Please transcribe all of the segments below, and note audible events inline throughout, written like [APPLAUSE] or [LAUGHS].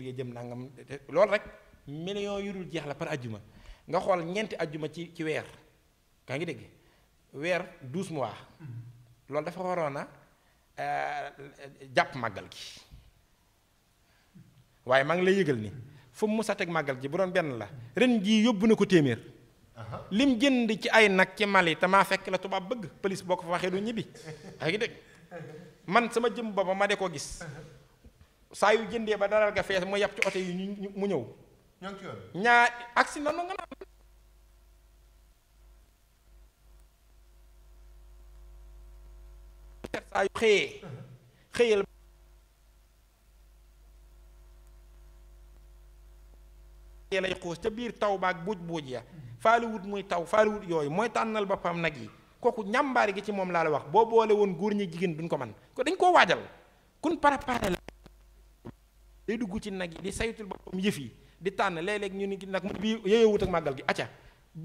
ya jëm nangam loolu rek million yu dul jeex la par aljuma nga xol ñeenti aljuma ci ci weer ka ngi dégg weer 12 mois mm-hmm. dafa warona euh japp magal gi waye ma ngi lay yegal ni mm-hmm. fu mu musa tek magal gi bu doon ben la ren gi yobbu nako ko lim jënd ci ay nak ci Mali ta ma fekk la tuba bëgg police fa du [LAUGHS] man sama jëm booba ma de ko gis saa yu jëndee ba daral ga fees mu yàpp ci oto yi ñu mu ñëw ñaa agsi na nu nga naan saa yu xëyee uh-huh. xëyal lay xuus ca biir taw baag buuj buuj ya uh-huh. faaliwut muy taw faaliwut yooyu mooy tànnal boppam nag yi kooku ñàmbaar gi ci moom laa la wax boo boole woon góor ñi jigéen duñ ko man ko dañ koo waajal kun préparé day dugg ci nag yi di saytul boppam yëf yi di tànn léeg-léeg ñu ni nag mu bi yeyoowut ak màggal gi acca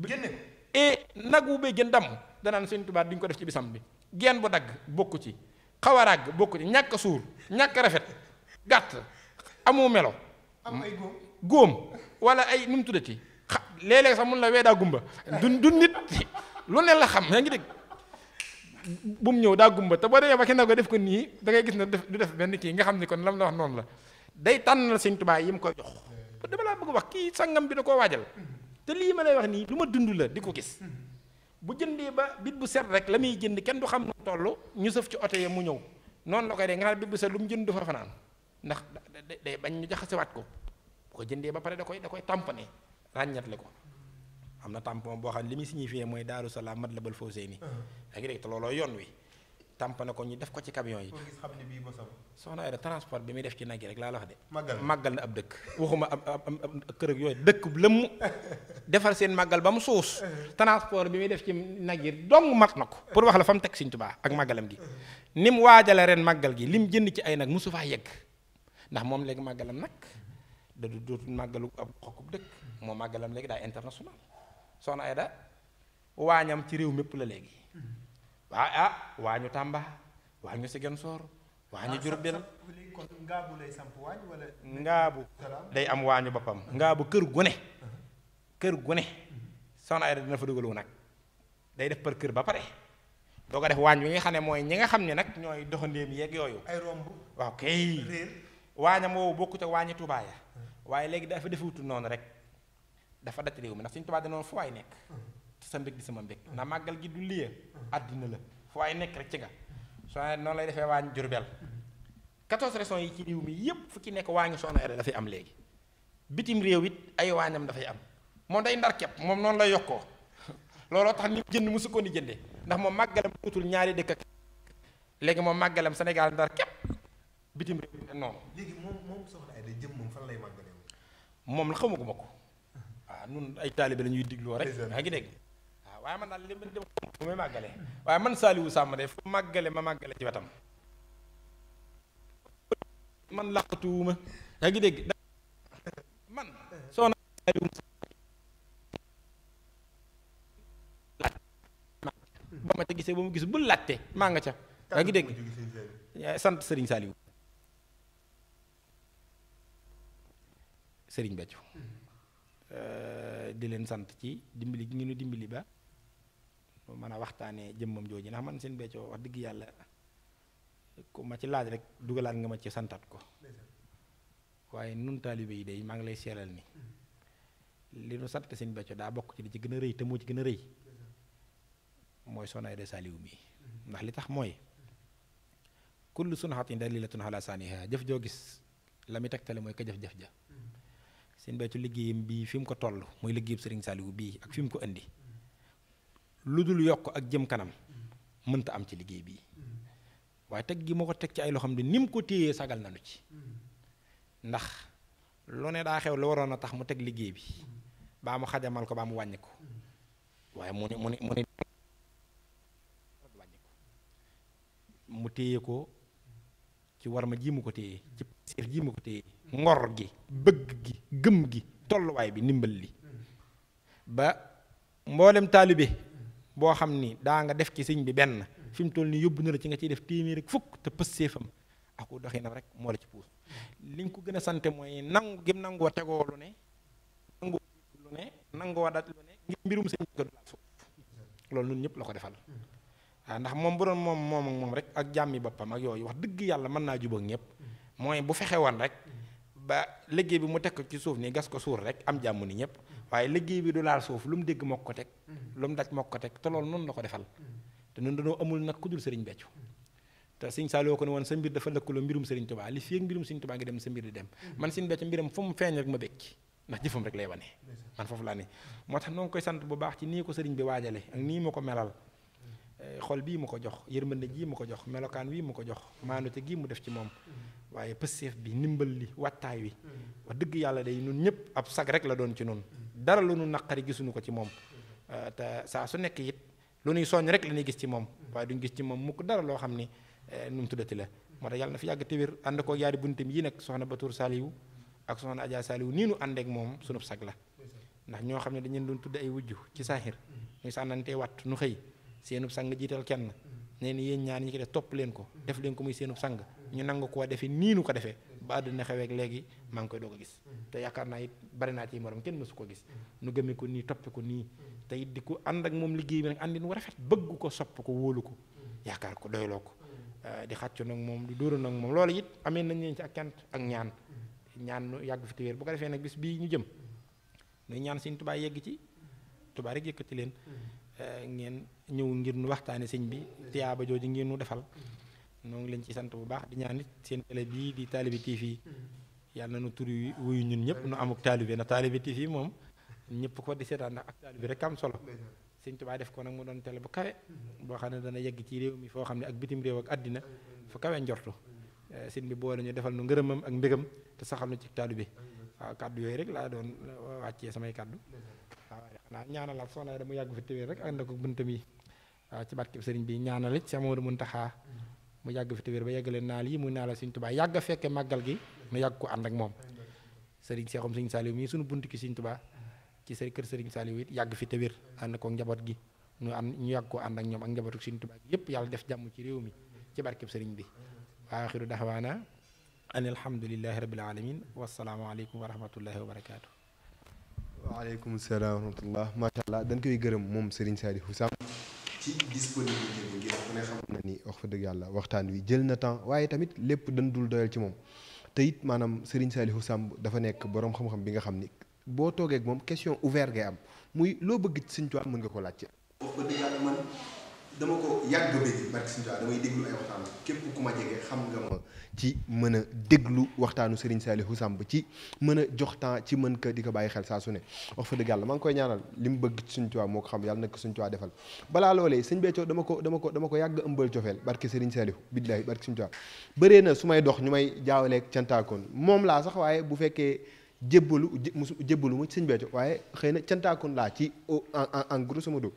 génne e nag wu bay gën damm danaan sëñ Tuubaa duñ ko def ci bisam bi geen bu dagg bokku ci xaw a ràgg bokku ci ñàkk suur ñàkk rafet gàtt amu melo am ay góom góom wala ay nu mu tuddati xa léeg-léeg sax mun la wee daa gumba du du nit lu ne la xam yaa ngi dégg bu mu ñëw daa gumba te boo demee ba ki nag def ko nii dangay gis ne du def benn kii nga xam ni kon lam la wax noonu la day tanal sëñ Tuubaa yi yim koy jox dama la bëgg wax ki sangam bi da ko wajal te li ma lay wax ni duma dundu la di gis bu jëndee ba bit bu set rek lamay jënd kenn du xam nu tollu ñu sëf ci auto ya mu ñëw non la koy de nga bit bu set lu mu jënd fa ndax day bañ ñu wat ko bu ko jëndee ba paré da koy da koy tamponé la ko amna tampon bo xam ne li muy signifié mooy Daaru Salaam Matlabul ak rek te lolo yoon wi tampana ko ñu def ko ci camion yi soxna ay transport bi mi def ci nag rek la la wax de magal na ab dekk waxuma ab ab kër ak yooyu dëkk lëmm [LAUGHS] defar seen màggal ba mu suus [LAUGHS] uh-huh. transport bi mi def ci nag dong mat nako pour wax la fam tek seigne touba ak magalam gi nim wajala ren magal gi lim jënd ci ay nak musufa yegg ndax mom leg magalam nak da du dootul màggalu ab xoku dekk mo magalam leg da international soxna ay da wañam ci rew mepp la legi uh-huh wa a wañu Tamba wañu Ziguinchor sor wañu jurbel ngabu lay samp wañu wala ngabu day am wañu bopam ngabu keur gune keur gune son ay dina fa dugulou nak day def par keur ba pare doo ko def wañu wi nga xam ne ñi nga xam nak ñoy doxandem yek yoyu ay rombu wa kay wañam wo bokku ca wañu tuba ya waye léegi dafa defewutu non rek dafa dat réew mi seigne tuba da non fu way nek sa mbég di sama mbég na màggal gi du liya àddina la fu waaye nekk rek ci nga soo noonu lay defee waañ Jurbel 14 régions yi ci réew mi yépp fu ci nekk waa ngi soxna Aida dafay am léegi bitim réew it ay waañam dafay am moom day ndar kepp moom noonu lay yokkoo [LAUGHS] looloo tax ni jënd mu sukkoon di jëndee ndax moom màggalam utul ñaari dëkk léegi moom màggalam Sénégal ndar képp bitim réew noonu. léegi moom moom soxna Aida jëm moom fan lay màggalee moom la xamaguma ko. waaw [LAUGHS] ah, nun ay taalibe la ñuy digloo rek. maa ngi dégg. waaye man daal li ma fu muy màggale waaye man Saliou Samb de fu màggale ma màggale ci wetam man làqatuwuma yaa ngi dégg man soxna Saliou ba ma ca gisee ba mu gis bu latte maa nga ca yaa dégg eh, sant sëriñ Saliou sëriñ Béthio eh, di leen sant ci dimbali gi ngeen dimbali ba mën a waxtaanee jëmmam jooju ndax man seen beccoo wax dëgg yàlla ku ma ci laaj rek dugalaat nga ma ci santaat ko waaye nun taalibe yi day maa ngi lay seeral ni li nu sant seen beccoo daa bokk ci li ci gën a rëy te moo ci gën a rëy mooy Soxna Aida Saliou mii ndax li tax mooy kullu sunhatin dalilatun ala saniha jëf joo gis la muy tegtale mooy ka jëf-jëf ja seen beccu liggéeyam bii fi mu ko toll mooy liggéeyam Serigne Saliou bii ak fi mu ko indi lu dul yokk ak jëm kanam mënta am ci liggéey bii waaye teg gi ma ko teg ci ay loo xam ne ni mu ko téyee sagal nanu ci ndax lu ne daa xew lu waroon a tax mu teg liggéey bi baa mu xajamal ko baa mu wàññi ko waaye mu ne mu ne mu ne mu téye ko ci war ma ji mu ko téye ci pasir ngor gi bëgg gi gëm gi tolluwaay bi ndimbal li ba mboolem taalibe boo xam ni daa nga def ci sëñ bi benn fi mu toll nii yóbbu na la ci nga ciy def téeméer ak fukk te pës seefam ak doxinam rek moo la ci puus li nga ko gën a sant mooy nangoo tegoo nangoo lu ne nangoo dat lu mbirum sëñ loolu ñëpp la ko defal waaw ndax moom bu doon moom moom moom rek ak jàmmi boppam ak yooyu wax dëgg yàlla mën naa jubóog ñëpp mooy bu fexe woon rek ba liggéey bi mu teg ko ci suuf nii gas ko suur rek am jàmm ni ñëpp waaye liggéey bi du laal suuf lu mu dégg moo ko teg lu mu daj moo ko teg te loolu noonu la ko defal te ñun dañoo amul nag ku sëriñ beccu te sëñ Saliou ko ne woon sa mbir dafa lëkkaloo mbirum sëriñ Tuubaa li fii ak mbirum sëriñ Tuubaa ngi dem sa mbir di dem man sëñ beccu mbiram fu mu feeñ rek ma békki ndax jëfam rek lay wane man foofu laa ne sëriñ bi waajale ak nii ma ko melal eh, xol bii mu ko jox yërmande jii mu ko jox melokaan wii mu ko jox maanute gii mu def ci moom waaye pësseef bi ndimbal li wattaay wi wax dëgg yàlla day nun la doon ci nun dara lu nu naqari ko ci moom te saa su nekk it lu ñuy soññ rek la ñuy gis ci moom waaye duñ gis ci moom mukk dara loo xam ni eh, nu tuddati la moo tax yàlla na fi yàgg tiwir ànd ko yaari buntam yi nag soxna Batour Saliou ak soxna Adja Saliou nii nu ak moom sunub sag la ndax ñoo xam ne dañu doon tudd ay wujju ci saaxir ñuy sànnantee wat nu xëy seenub sang jiital kenn nee ni yéen ñaan ñi ko def topp leen ko def leen ko muy seenub sang ñu nang ko nii nu ko defee ba àdduna xeweek léegi maa ngi koy doo a gis mm-hmm. te yaakaar naa it bari naa ci morom kenn mësu ko gis mm-hmm. nu gëmee ko nii toppe ko nii mm-hmm. te it di ko ànd ak moom liggéey bi nag àndin rafet bëgg ko sopp ko wóolu ko yaakaar ko doyloo ko ah, di xàccu nag moom di dóora nag moom loolu it amee nañ leen ci ak cant ak ñaan ñaan nu yàgg fi téwéer bu ko defee nag bis bii ñu jëm nuy ñaan sëñ Tuubaa yegg ci Tuubaa rek yëkkati leen eh, ngeen ñëw ngir nu waxtaane sëñ bi tiyaaba jooju ngeen nu defal noo ngi leen ci sant bu baax di ñaan nit seen télé bi di Talibe TV yalla na nu turu wuyu ñun ñëpp nu amuk Talibe na Talibe TV mom ñëpp ko di sétan nak ak Talibe rek am solo sëñ Tuubaa def ko nak mu don télé bu kawé bo xamné dana yegg ci réew mi fo xamné ak bitim réew ak adina fu kawé ndortu eh, sëñ bi bo lañu defal nu ngërëmam ak mbégam te saxal nu ci Talibe waaw kàddu yooyu rek la don eh, wàccee samay kaddu na ñaanal ak soxna dama yagg fi téwéer rek ànd ko buntam ci barkeb sëriñ bi ñaanal ci Amadou muntaha mu yàgg fi tawér ba yeggaleen naal yi muy naa la Sëriñ Tuubaa yàgg a fekke màggal gi nu yàgg ko ànd ak moom sëriñ Seexum Sëriñ Saaliw mii sunu bunt ki Sëriñ Tuubaa ci seen kër sëriñ Saaliw it yàgg fi tawér ànd ko njaboot gi ñu ànd ñu yàgg ko ànd ak ñoom ak njabootu Sëriñ Tuubaa yépp yàlla def jàmm ci réew mi ci barkeb sëriñ bi waaxiru daxwaana an alhamdulilahi rabil alamin wasalaamaaleykum wa rahmatullahi wa barakaatu waaleykum salaam wa rahmatullah macha allah dañ koy gërëm moom sëriñ Saaliw Samb ci disponibilité bi wax fa dëgg yàlla waxtaan wi jël na temps waaye tamit lépp dañ dul doyal ci moom te it maanaam Serigne Saliou Samb dafa nekk borom xam-xam bi nga xam ni boo toogee moom question ouverte ngay am muy loo bëgg ci Serigne mën nga ko laajte. dama ko yàgg dégg barke damay déglu ay waxtaan képp ku ma jege xam nga ma ci mën a déglu waxtaanu Serigne Saliou Samb ci mën a jox temps ci mën ka di ko bàyyi xel saa su ne wax fa dëgg yàlla maa ngi koy ñaanal li mu bëgg Sëriñ moo ko xam yàlla na ko Sëriñ Tuubaa defal balaa loolee sëñ Béthio dama ko dama ko dama ko yàgg ëmbal cofeel barke Serigne Saliou billaahi barke Sëriñ Tuubaa bëree na su may dox ñu may jaawaleeg cantaakoon moom laa sax waaye bu fekkee jébbalu jébbalu ma ci waaye xëy na cantaakoon laa ci en sama do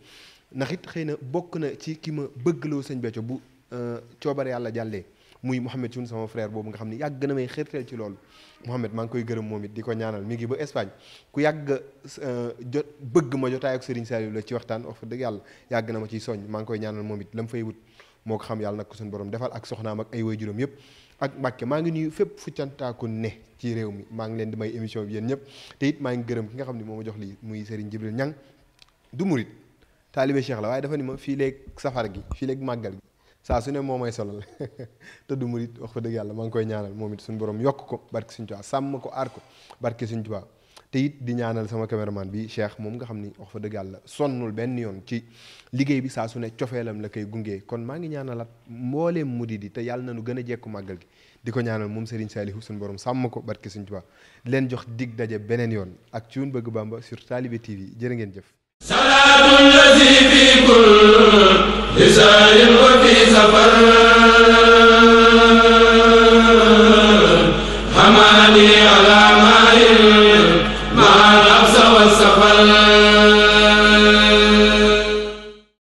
نحيت خينا بوكنا تي كيما بغلو سيغ بيتو بو تيوبار يالا جالي موي محمد سون سما فرير بوبو خامني ياغ نامي خيرتل تي لول محمد مان كوي گرم موميت ديكو نانال ميغي بو اسبان كو ياغ جوت بغ ما جوتاي اك سيرين سالي لا تي وقتان اوف دغ يالا ياغ نامي تي سون مان كوي نانال موميت لام فاي ووت موك خام يالا نكو سون بروم ديفال اك سخنام اك اي وجيروم ييب اك باكي ماغ نيو فيب فوتانتا كو ني تي ريومي ماغ لين دماي ايميشن يين ييب تييت ماغ گرم كيغا خامني موما جوخ لي موي سيرين جبريل نيان دو موريت taalibe Cheikh la waaye dafa ni ma fii léeg safar gi fii léeg màggal gi saa su ne moo may solal [LAUGHS] te du murit wax fa dëgg yàlla maa ngi koy ñaanal moom it suñu borom yokk ko barke Sëñ ko aar ko barke Sëñ Tuubaa te di ñaanal sama caméraman bi Cheikh moom nga xam ni wax fa dëgg yàlla sonnul benn yoon ci liggéey bi saa su ne cofeelam la kay gunge kon maa ngi ñaanal ñaanalat mbooleem murid yi te yàlla na nu gën a jekku màggal gi di ko ñaanal moom Serigne Saliou suñu borom sàmm ko barke Sëñ Tuubaa di leen jox dig daje beneen yoon ak ci woon bëgg Bàmba sur Talibe TV jërë ngeen jëf li sa'il wa fi safar